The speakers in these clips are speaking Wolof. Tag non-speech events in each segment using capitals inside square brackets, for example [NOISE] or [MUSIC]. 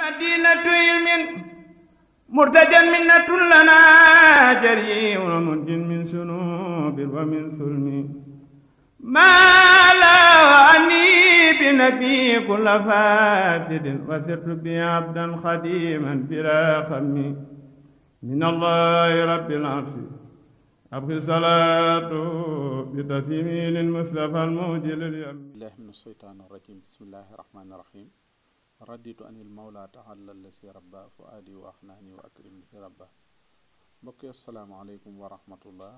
madinatu ilmin murtajan minnatun lana jariun munjin min sunubin wa min sulmi ma la ani bi nabi kulla fasidin wa sirtu bi abdan xadiman bila xammi min allahi rabbil arsi abqi salaatu bi taslimi lil mustafa almuji lil yammi billahi min asheytaani rajim bismillahi rahmaani rahim raditu anil mawla taxalal la si rabba fu aadi wax naa ni wa akrim fi rabba mbokk yi asalaamaaleykum wa rahmatullah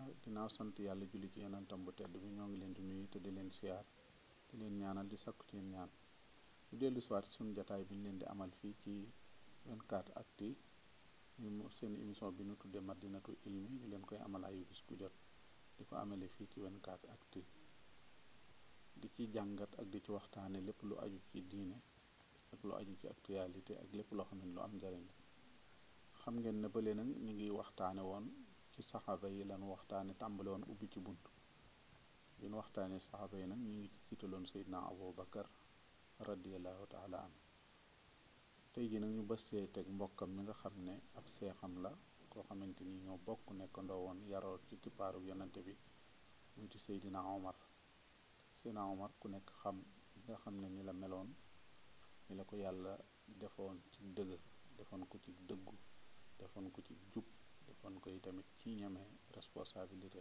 sant yàlla julli ci yonentam bu tedd bi ñoo ngi leen di nuyu te di leen siyaar di leen ñaanal di sakku ci ñaan ñu dellu siwaat suñu jataay bi ñu leen di amal fii ci 24 actu ñu seen émission bi ñu tudde madinatu ilmi leen koy amal ayu bis ku jot di ko amele fii ci 24 actu di ci jàngat ak di ci waxtaane lépp lu aju ci diine ak lu aju ci actualité ak lépp loo xam ne lu am njariñ la xam ngeen ne bële nag ñu ngi waxtaane woon ci saxaaba yi lan waxtaane tàmbale woon ubbi ci bunt bi ñu waxtaane saxaaba yi nag ñu ngi ci jiitaloon Seydina Abu Bakar radiallahu tey ji nag ñu bësee teg mbokkam mi nga xam ne ab seexam la koo xamante ni ñoo bokk nekkandoo woon yaroo ci kippaaru yonante bi muy ci Seydina Omar Seydina Omar ku nekk xam nga xam ne ni la meloon ni la ko yàlla defoon ci dëgër defoon ko ci dëggu defoon ko ci jub defoon ko tamit ci ñeme responsabilité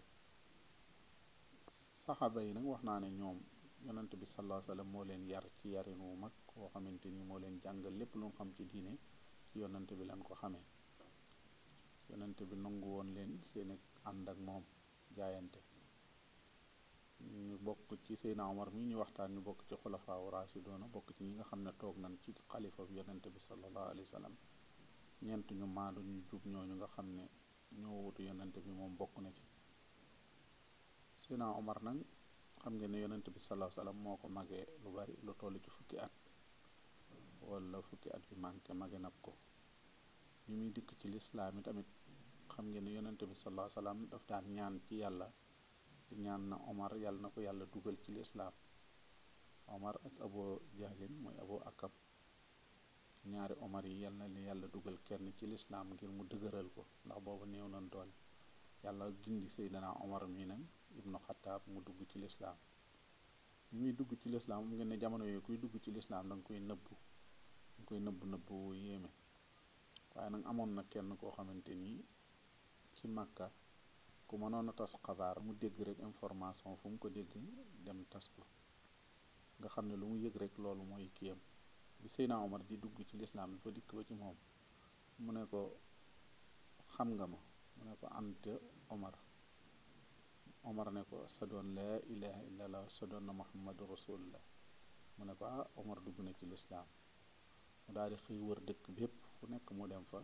saxaaba yi nag wax naa ne ñoom yonent bi sallallahu alayhi moo leen yar ci yarin wu mag woo xamante ni moo leen jàngal lépp lu mu xam ci diine ci yonent bi lañ ko xamee yonent bi nangu woon leen seen ànd ak moom jaayante ñu bokk ci Seydina Omar mi ñu waxtaan ñu bokk ci xulafaa raasidoona bokk ci ñi nga xam ne toog nañ ci xalifa bi yonent bi sallallahu alayhi wa sallam ñeent ñu maandu ñu jub ñooñu nga xam ne ñoo wutu yonent bi moom bokk na ci Seydina Omar nag xam ngeen ne yonent bi sallallahu alayhi moo ko magee lu bari lu toll ci fukki at wala fukki at yu manqué mage nag ko ñu muy dikk ci lislaam yi tamit xam ngeen ne yonent bi sallallahu alayhi wa daf daan ñaan ci yàlla ñaan na omar yàlla na ko yàlla dugal ci lislaam omar ak abo jahlin mooy abo akab ñaari omar yi yàlla na li yàlla dugal kenn ci lislaam ngir mu dëgëral ko ndax boobu néew nañ doole yàlla gindi seydana omar mii nag ibnu xataab mu dugg ci lislaam bi muy dugg ci lislaam mu ngeen ne jamono yooyu kuy dugg ci lislaam danga koy nëbbu danga koy nëbb nëbb woo yéeme waaye nag amoon na kenn koo xamante nii ci màkka ku mënoon a tas xabaar mu dégg rek information fu mu ko dégg dem tas ko nga xam ne lu mu yëg rek loolu mooy kiyam bi Seyna Omar di dugg ci lislaam dafa dikk ba ci moom mu ne ko xam nga ma mu ne ko ante Omar Omar ne ko sa doon laa ilaha illallah sa doon na Muhammadu rasulullah mu ne ko ah Omar dugg na ci lislaam mu daal di xëy wër dëkk bépp fu nekk mu dem fa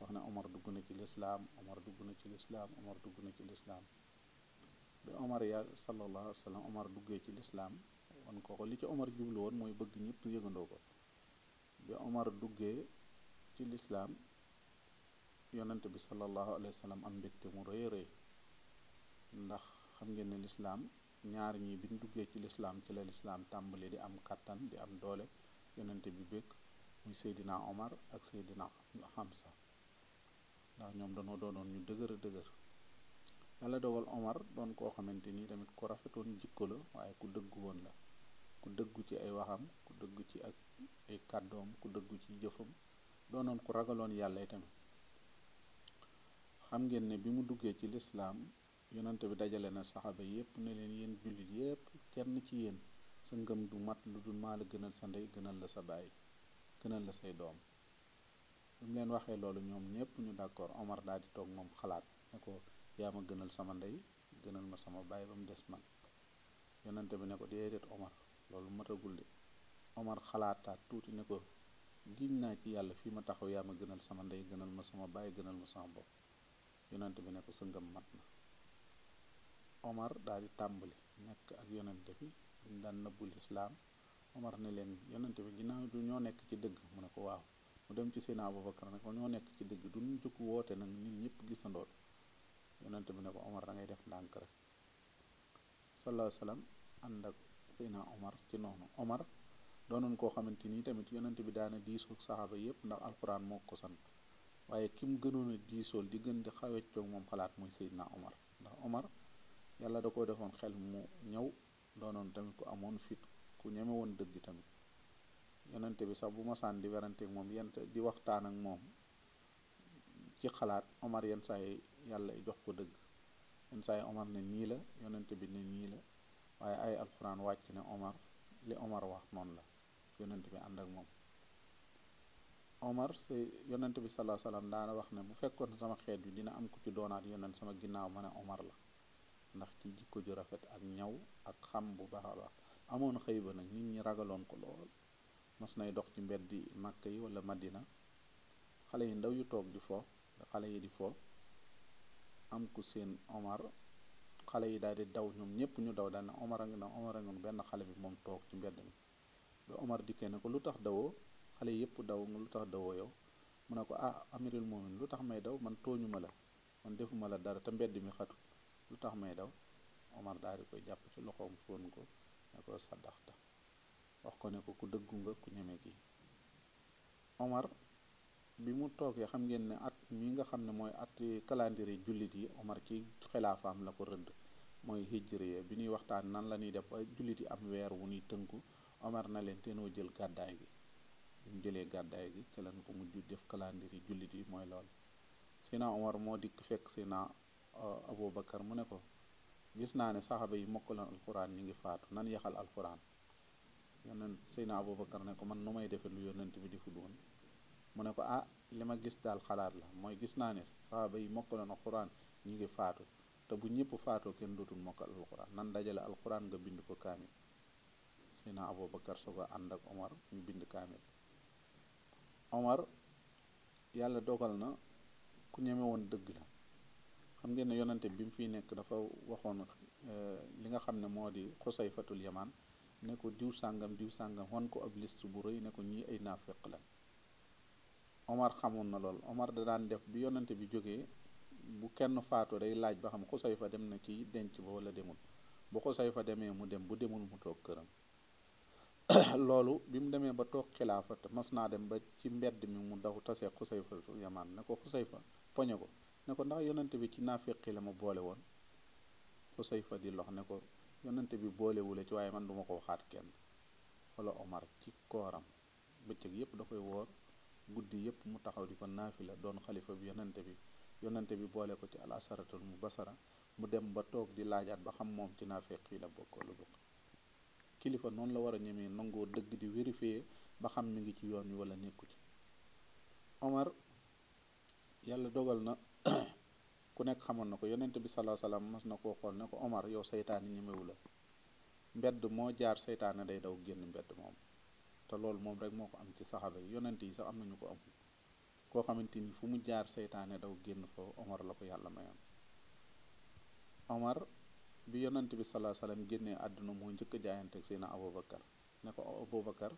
wax na omar dugg na ci lislaam omar dugg na ci lislaam dugg na ci lislaam bi omar ya sallallahu alayhi omar duggee ci lislaam wan ko li ci omar jublu woon mooy bëgg ñëpp yëgandoo ko bi omar duggee ci lislaam yonent bi sallallahu alayhi wa sallam am mbégte mu rëy rëy ndax xam ngeen ne lislaam ñaar ñi biñ duggee ci lislaam ci la lislaam tàmbali di am kàttan di am doole yonent bi bëgg muy Seydina Omar ak Seydina Hamza ndax ñoom danoo doonoon ñu dëgër a dëgër yàlla dogal Omar doon koo xamante nii tamit ku rafetoon jikko la waaye ku dëggu woon la ku dëggu ci ay waxam ku dëggu ci ak ay kàddoom ku dëggu ci jëfam doonoon ku ragaloon yàlla tamit xam ngeen ne bi mu duggee ci lislaam yonante bi dajale na saxaaba yépp ne leen yéen jullit yépp kenn ci yéen sa ngëm du mat lu dul maa la gënal sa ndey gënal la sa baay gënal la say doom mu leen waxee loolu ñoom ñëpp ñu d'accord Omar daal di toog moom xalaat ne ko yaa ma gënal sama ndey gënal ma sama baay ba des man yonente bi ne ko déedéet loolu matagul de Omar xalaataat tuuti ne naa ci yàlla fii ma taxaw yaa ma gënal sama ndey gënal ma sama baay gënal ma sama bopp yonente bi ne ko sa ngëm mat na Omar daal di tàmbali nekk ak yonente bi ñu daan nëbbu lislaam Omar ne leen yonente bi ginnaaw du ñoo nekk ci dëgg mu ne ko waaw mu dem ci Seydina Aboubacar nag ñoo nekk ci dëgg duñ jukk woote nag nit ñëpp gisandool yonent bi ne Omar da ngay def ndànk rek sallallahu alayhi wa sallam ànd ak Seydina Omar ci noonu Omar doonoon koo xamante nii tamit yonent bi daana diisoog saxaaba yépp ndax alquran moo ko sant waaye ki mu gënoon a diisool di gën di xaweccoog moom xalaat muy Seydina Omar ndax Omar yàlla da ko defoon xel mu ñëw doonoon tamit ko amoon fit ku ñeme woon dëgg tamit yonente bi sax bu ma sànn di werante moom yent di waxtaan ak moom ci xalaat Omar yenn saa yi jox ko dëgg yenn saa Omar ne nii la yonente bi ne nii la waaye ay alxuraan wàcc ne Omar li Omar wax noonu la yonente bi ànd ak moom Omar se yonente bi salaa salaam daana wax ne bu fekkoon sama xeet bi dina am ku ci doonaat yonent sama ginnaaw ma ne Omar la ndax ci jikko ju rafet ak ñaw ak xam bu baax a baax amoon xëy ba nag nit ñi ragaloon ko lool mas nay dox ci mbeddi makk yi wala madina xale yi ndaw yu toog di fo xale yi di fo am ku seen omar xale yi daal di daw ñoom ñëpp ñu daw daal ne omar a ngi na omar a ngi benn xale bi moom toog ci mbedd mi ba omar dikkee ne ko lu tax dawoo xale yëpp daw lu tax dawoo yow mu ne ko ah amiril moomin lu tax may daw man tooñu ma la man defuma la dara te mbedd mi xatul lu tax may daw omar daal di koy jàpp ci loxoom fóon ko ne ko saddaxta wax ko ne ko ku dëggu nga ku ñeme ki Omar bi mu toogee xam ngeen ne at mi nga xam ne mooy at calendrier jullit yi Omar ci xilaafaam la ko rëdd mooy hijriya bi ñuy waxtaan nan la ñuy def ba jullit yi am weer wu ñuy tënku Omar na leen teenoo jël gàddaay gi bi mu jëlee gàddaay gi ca lañ ko mujj def calendrier jullit yi mooy lool Seydina Omar moo dikk fekk Seydina uh, Aboubacar mu ne ko gis naa ne saxaaba yi mokkal alquran ñi ngi faatu nan yaxal alquran yonent Seydina Aboubacar ne ko man nu may defe lu yonent bi di ful woon mu ne ko ah li ma gis daal xalaat la mooy gis naa ne saaba yi mokk na alquran ñu ngi faatu te bu ñëpp faatoo kenn dootul mokkal alquran nan dajale alquran nga bind ko kaamil Seydina Aboubacar soog a ñu bind kaamil Omar yàlla dogal na ku ñeme dëgg la xam ngeen ne yonante bi mu fi nekk dafa waxoon eh, li nga xam ne moo di xusay fatul yamaan ne ko diw sàngam diw sàngam wan ko ab liste bu rëy ne ko ñii ay naafeq la Omar xamoon na lool Omar da daan def bi yonante bi jógee bu kenn faatu day laaj ba xam Xusayfa dem na ci denc ba wala demul bu fa demee mu dem bu demul mu toog këram [COUGHS] loolu bi mu demee ba toog xilaafa te mas naa dem ba ci mbedd mi mu daw tasee Xusayfa yamaan ne ko Xusayfa poñe ko ne ko ndax yonante bi ci naafeqi la ma boole woon Xusayfa di lox ne ko yonante bi boolewule ci waaye man duma ko waxaat kenn wala omar ci kooram bëccëg yépp da koy woor guddi yépp mu taxaw di ko la doon xalifa bi yonante bi yonante bi boole ko ci al asaratul mu basara mu dem ba toog di laajaat ba xam moom ci naafeq yi la bokk lu bokk kilifa noonu la war a ñemee nangoo dëgg di vérifier ba xam mu ngi ci yoon wi wala nekku ci omar yàlla dogal na [CLEARS THROAT] ku nekk xamoon na ko yonent bi salaa salaam mas na koo xool ne ko Omar yow seytaane ñemewu la mbedd moo jaar seytaane day daw génn mbedd moom te loolu moom rek moo ko am ci saxaaba yi yonent yi sax am nañu ko amul koo xamante ni fu mu jaar seytaane daw génn fa Omar la ko yàlla mayoon Omar bi yonent bi salaa salaam génnee àdduna moo njëkk a jaayante ak Seydina Aboubacar ne ko Aboubacar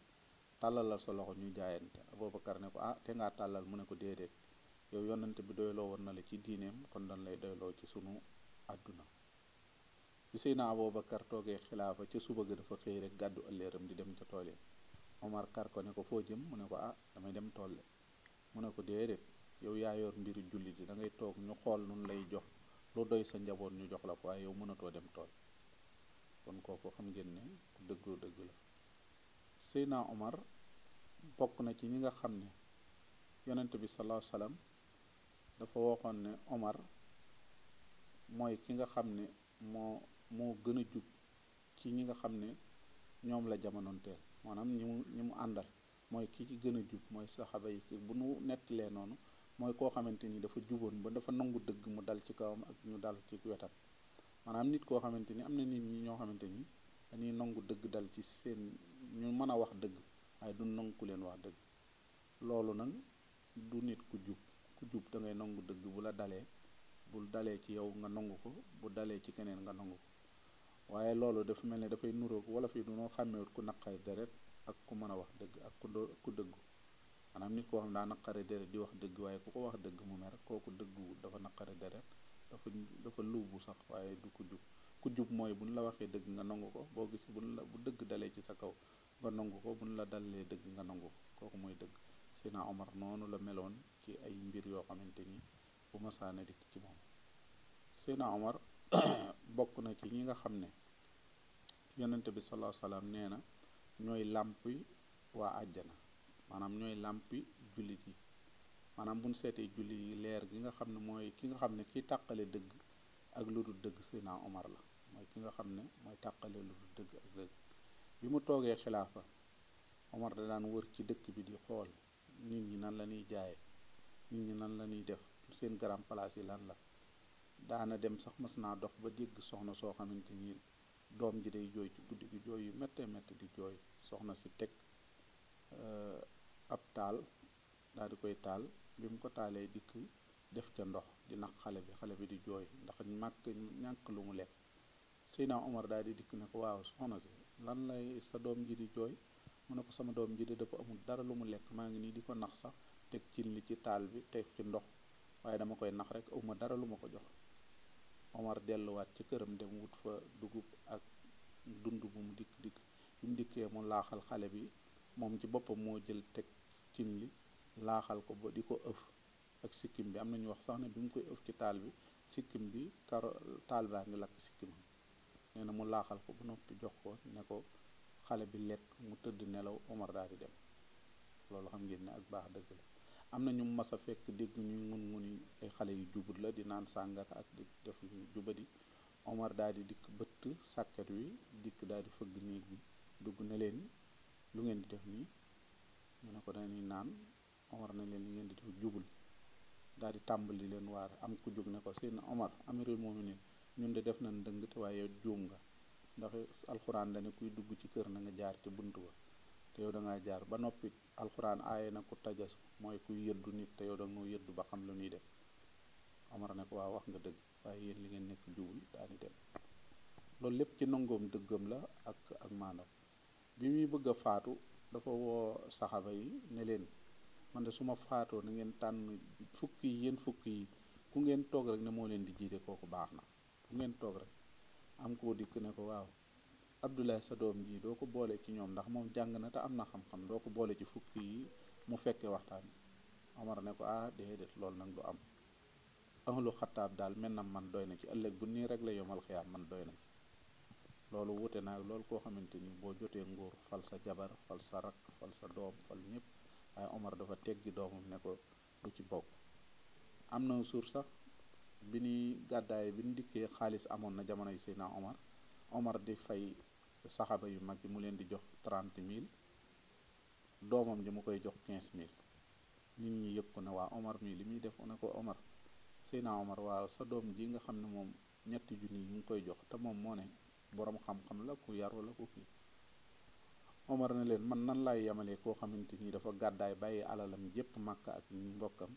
tàllalal sa loxo ñu jaayante Aboubacar ne ko ah te ngaa tàllal mu ne ko déedéet yow yonante bi doyloo woon na la ci diineem kon dañ lay doyloo ci sunu àdduna bi Seydina kar toogee xilaafa ca suba ga dafa xëy rek gàddu ëlleeram di dem ca tool yi Omar kar ko ne ko foo jëm mu ne ko ah damay dem tool mu ne ko déedéet yow yaa yor mbiru jullit yi dangay toog ñu xool nun lay jox lu doy sa njaboot ñu jox la ko waaye yow mënatoo dem tool kon kooko xam ngeen ne dëggoo dëgg la Seydina Omar bokk na ci ñi nga xam ne yonent bi sallallahu alayhi dafa waxoon ne Omar mooy ki nga xam ne moo moo gën a jub ci ñi nga xam ne ñoom la jamonoonteel maanaam ñi mu ñi mu àndal mooy ki ci gën a jub mooy saxaaba yi bu nu nettalee noonu mooy koo xamante ni dafa juboon ba dafa nangu dëgg mu dal ci kawam ak ñu dal ci wetam maanaam nit koo xamante ni am na nit ñi ñoo xamante ni dañuy nangu dëgg dal ci seen ñu mën a wax dëgg waaye du nangu ku leen wax dëgg loolu nag du nit ku jub ku jub da nangu dëgg bu la dalee bul dalee ci yow nga nangu ko bu dalee ci keneen nga nangu ko waaye loolu dafa mel ne dafay nuroog wala fi dunoo xàmmeewut ku naqari deret ak ku mën a wax dëgg ak ku doo ku dëggu maanaam nit koo xam daa naqari deret di wax dëgg waaye ku ko wax dëgg mu mer kooku dëggu dafa naqari deret dafa dafa luubu sax waaye du ku jub ku jub mooy buñ la waxee dëgg nga nangu ko boo gis buñ la bu dëgg dalee ci sa kaw nga nangu ko buñ la dalee dëgg nga nangu ko kooku mooy dëgg Seydina Omar noonu la meloon ay mbir yoo xamante ni bu masaana dikk ci moom Seydina Omar [COUGHS] bokk na ci ñi nga xam ne yonente bi sallallahu alayhi wasallam nee na ñooy làmpi waa àjjana maanaam ñooy làmpi jullit yi maanaam buñ seetee jullit yi leer gi nga xam ne mooy ki nga xam ne kiy tàqale dëgg ak lu dul dëgg Seydina Omar la mooy ki nga xam ne mooy tàqale lu dul dëgg ak dëgg bi mu toogee xilaafa Omar da daan wër ci dëkk bi di xool nit ñi nan la ñuy jaaye nit ñi nan la ñuy def seen garam place yi lan la daana dem sax mas naa dox ba dégg soxna soo xamante ni doom ji day jooy ci guddi gi yu métte métti di jooy soxna si teg euh, ab taal daal di koy taal bi mu ko taalee dikk def ca ndox di naq xale bi xale bi di jooy ndax màkk ñàkk lu mu lekk Seydina Omar daal di dikk ne ko waaw soxna si lan lay sa doom ji di jooy mu ne ko sama doom ji de dafa amul dara lu mu lekk maa ngi nii di ko nax sax teg cin li ci taal bi teg ci ndox waaye dama koy nax rek awma dara lu ma ko jox Omar delluwaat ci këram dem wut fa dugub ak dund bu mu dikk dikk bi mu dikkee mu laaxal xale bi moom ci boppam moo jël teg cin li laaxal ko ba di ko ëf ak sikkim bi am na nañu wax sax ne bi mu koy ëf ci taal bi sikkim bi karo taal baa ngi lakk sikkim nee na mu laaxal ko ba noppi jox ko ne ko xale bi lekk mu tëdd nelaw Omar daal di dem loolu xam ngeen ne ak baax dëgg la am na ñu mas a fekk dégg ñuy mun muni ay xale yu jubut la di naan sàngara ak di juba di Omar daal di dikk bëtt sàkket wi dikk daal di fëgg néeg bi dugg na leen lu ngeen di def nii ñu ne ko dañuy naan Omar na leen li ngeen di def jubul daal di tàmbali leen waar am ku jóg ne ko seen Omar amirul muminin ñun de def na dëng te waaye juum nga ndax alxuraan dane kuy dugg ci kër na nga jaar ci bunt ba te yow da jaar ba noppi alquran aaye na ku taja mooy kuy yëddu nit te yow da yëddu ba xam la ñuy def Omar ne ko waaw wax nga dëgg waaye yéen li ngeen nekk jubul daal dem loolu lépp ci nangoom dëggam la ak ak maanaam bi muy bëgg a faatu dafa woo saxaba yi ne leen man de su ma faatoo na ngeen tànn fukk yi fukki ku ngeen toog rek ne moo leen di jiite kooku baax na ku ngeen toog rek am koo dikk ne ko waaw Abdoulaye sa doom ji doo ko boole ci ñoom ndax moom jàng na te am na xam-xam doo ko boole ci fukki yi mu fekkee waxtaan Omar ne ko ah déedéet loolu nag du am ahlu xataab daal mel na man doy na ci ëllëg bu nii rek la yomal xiyaam man doy na ci loolu wute naag loolu koo xamante ni boo jotee nguur fal sa jabar fal sa rak fal sa doom fal ñëpp waaye Omar dafa teggi doomam ne ko du ci bokk am na suur sax bi ñuy gàddaay bi ñu dikkee xaalis amoon na jamono yi Seydina Omar Omar di fay saxaba yu mag yi mu leen di jox trent mille doomam ji mu koy jox quinze mille nit ñi yëg ko na waa Omar mii li muy def na ko Omar Seyna Omar waaw sa doom ji nga xam ne moom ñetti junni yi ñu koy jox te moom moo ne boroom xam-xam la ku yaru la ku kii Omar ne leen man nan laay yemalee koo xamante ni dafa gàddaay bàyyi alalam yépp màkk ak mbokkam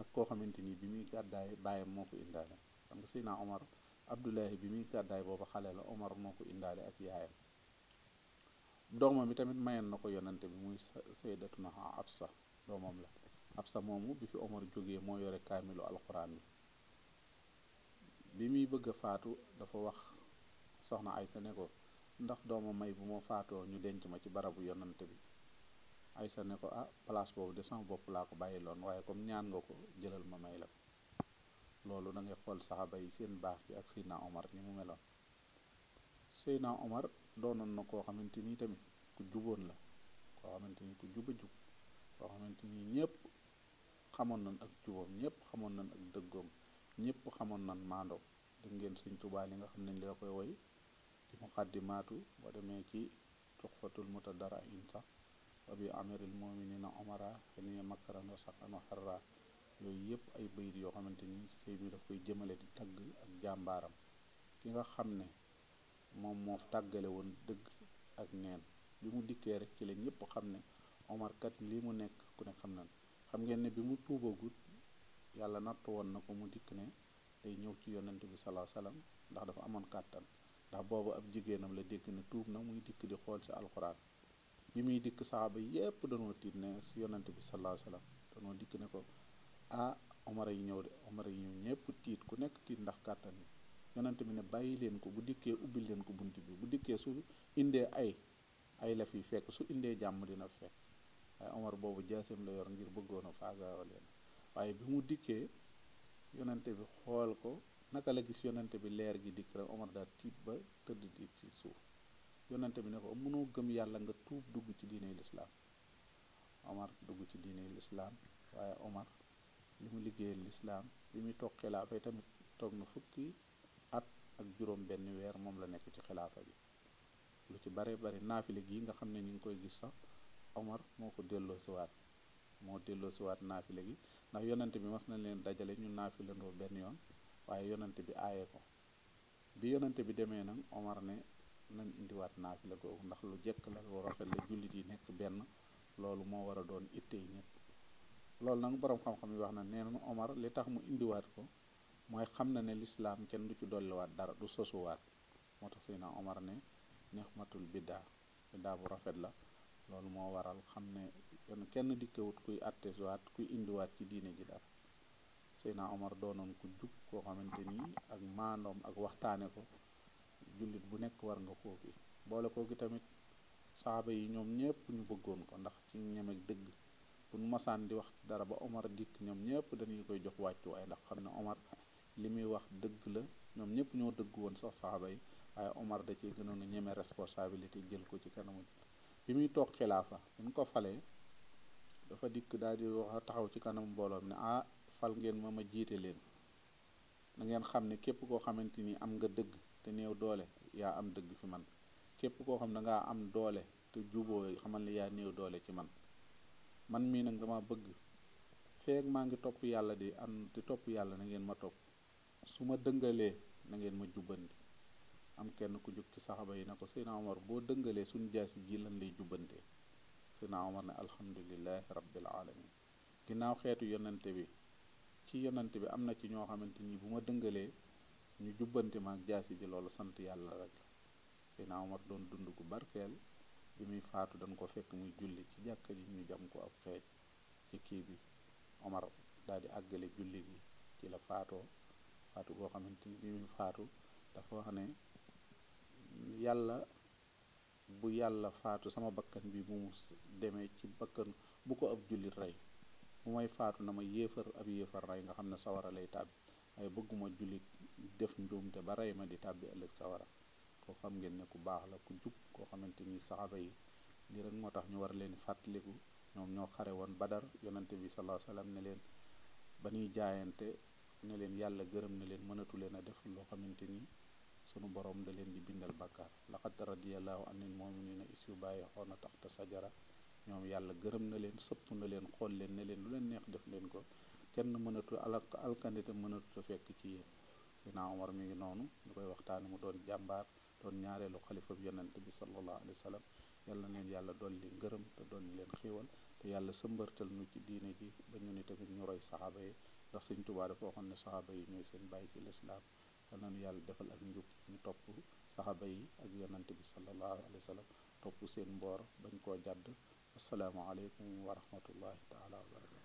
ak koo xamante ni bi muy gàddaay bàyyam moo ko indaale xam nga Seyna Omar Abdullahi bi muy gàddaay booba xale la Omar moo ko indaale ak yaayam doomam bi tamit mayoon na ko yonante bi muy sayyidatuna sa doomam la Absa moomu bi fi Omar jógee moo yore kaamilu alquran bi bi muy bëgg a faatu dafa wax soxna Aysa ne ko ndax dooma may bu ma faatoo ñu denc ma ci barabu yonante bi Aysa ne ko ah place boobu de sama bopp laa ko bàyyi loon waaye comme ñaan nga ko jëlal ma may la loolu da ngay xool saxaaba yi seen baax gi ak Seydina Omar ni mu meloon Seydina Omar doonoon na koo xamante ni tamit ku juboon la koo xamante ni ku juba jub koo xamante ni ñépp xamoon nañ ak juboom ñépp xamoon nañ ak dëggoom ñépp xamoon nañ maandoo dégg ngeen sëñ Tuubaa li nga xam ne li la koy woy ci muqaddimaatu boo demee ci tuxfatul dara in sax wa bi amiril muminina omara xeniya makkaran wa saqan wa xarra yooyu yëpp ay bayit yoo xamante ni sëy bi daf koy jëmale di tagg ak jàmbaaram ki nga xam ne moom moo tàggale woon dëgg ak neen bi mu dikkee rek ci la ñëpp xam ne Omar kat lii mu nekk ku ne xam na xam ngeen ne bi mu tuubagut yàlla natt woon na ko mu dikk ne tey ñëw ci yonent bi salaa salaam ndax dafa amoon kàttan ndax boobu ab jigéenam la dégg ne tuub na muy dikk di xool ci alxuraan bi muy dikk saxaaba yépp danoo tiit ne si yonent bi salaa salaam danoo dikk ne ko ah omara yi ñëw de omar yi ñëw ñëpp tiit ku nekk tiit ndax kàttan yi yonent bi ne bàyyi leen ko bu dikkee ubbi leen ko bunt bi bu dikkee su indee ay ay la fi fekk su indee jàmm dina fekk waaye omar boobu jaaseem la yor ngir bëggoon a faagaaw leen waaye bi mu dikkee yonent bi xool ko naka la gis yonent bi leer gi dikk rek omar daal tiit ba tëdd di ci suuf yonent bi ne ko mënoo gëm yàlla nga tuub dugg ci diine lislaam omar dugg ci diine lislaam li mu liggéeyal lislaam bi muy toog xilaafa yi tamit toog na fukki at ak juróom benn weer moom la nekk ci xilaafa bi lu ci bare bari naafile gi nga xam ne ñu ngi koy gis sax Omar moo ko delloo siwaat moo delloo siwaat naafile gi ndax yonante bi mas nañ leen dajale ñu naafilandoo benn yoon waaye yonante bi aaye ko bi yonante bi demee nag Omar ne nañ indiwaat naafile googu ndax lu jekk la lu rafet la jullit yi nekk benn loolu moo war a doon ittey ñëpp loolu nag boroom xam-xam yi wax na nee nañu Omar li tax mu indiwaat ko mooy xam na ne lislaam kenn du ci dolliwaat dara du sosuwaat moo tax Seydina Omar ne nexmatul biddaa biddaa bu rafet la loolu moo waral xam ne kenn dikkewut kuy atteswaat kuy indiwaat ci diine ji dara Seydina Omar doonoon ku jub koo xamante ni ak maandoom ak waxtaane ko jullit bu nekk war nga koo ki boole koo ki tamit saaba yi ñoom ñépp ñu bëggoon ko ndax ci ñemeeg dëgg bu nu di wax dara ba Omar dikk ñoom ñëpp dañuy koy jox waaye ndax xam ne Omar li muy wax dëgg la ñoom ñëpp ñoo dëgg woon sax saxaaba yi waaye Omar da cee gënoon a ñeme responsabilité jël ko ci kanamu bi muy toog xilaafa bu ñu ko falee dafa dikk daal di wax taxaw ci kanam mbooloo ne ah fal ngeen ma ma jiite leen da ngeen xam ne képp koo xamante ni am nga dëgg te néew doole yaa am dëgg fi man képp koo xam ne da am doole te juboo xamal ne yaa doole ci man. man mii nag dama bëgg feeg maa ngi topp yàlla di am di topp yàlla na ngeen ma topp su ma dëngalee na ngeen ma jubbanti am kenn ku jóg ci saxaba yi na ko Seydina Omar boo dëngalee suñ jaasi ji lan lay jubbantee Seydina Omar ne alhamdulilahi rabbil alamin ginnaaw xeetu yonante bi ci yonante bi am na ci ñoo xamante ni bu ma dëngalee ñu jubbanti ma ak jaasi ji loolu sant yàlla rek Seydina Omar doon dund gu barkeel bi muy faatu dañ ko fekk muy julli ci jàkka ji ñu jam ko ab xeej ci kii bi Omar daal di àggale julli bi ci la faatoo faatu goo xamante ni bi muy faatu dafa wax ne yàlla bu yàlla faatu sama bakkan bi bu mu demee ci bakkan bu ko ab jullit rey bu may faatu na ma yéefar ab yéefar rey nga xam ne sawara lay tàbbi waaye bëgguma jullit def njuumte ba rey ma di tàbbi ëllëg sawara koo xam ngeen ne ku baax la ku jub koo xamante ni saxaaba yi lii rek moo tax ñu war leen fàttaliku ñoom ñoo xare woon badar yonante bi sallallahu alayhi wasallam ne leen ba ñuy jaayante ne leen yàlla gërëm na leen mënatu leen a def loo xamante ni sunu borom da leen di bindal bàkkaar laqad radiyallahu anil muminina is yu bàyyi xool na xoona taxta sajara ñoom yàlla gërëm na leen sëpp na leen xool leen ne leen lu leen neex def leen ko kenn mënatu alak alkandite mënatu fekk ci yéen Seydina Omar ngi noonu koy waxtaane mu doon jàmbaar doon ñaareelu xalifa bi bi sallallahu alayhi wa sallam yal na leen yàlla dolli ngërëm te dolli leen xiiwal te yàlla sëmbartal nu ci diine ji ba ñu ni tamit ñu roy saxaaba yi ndax sëñ Tuubaa dafa xam ne saxaaba yi ñooy seen bàyyi ci lislaam yal na yàlla defal ak njub ñu topp saxaaba yi ak yonent bi sallallahu alayhi wa sallam topp seen mboor bañ koo jàdd assalaamu aleykum wa rahmatullahi taala wa barakatu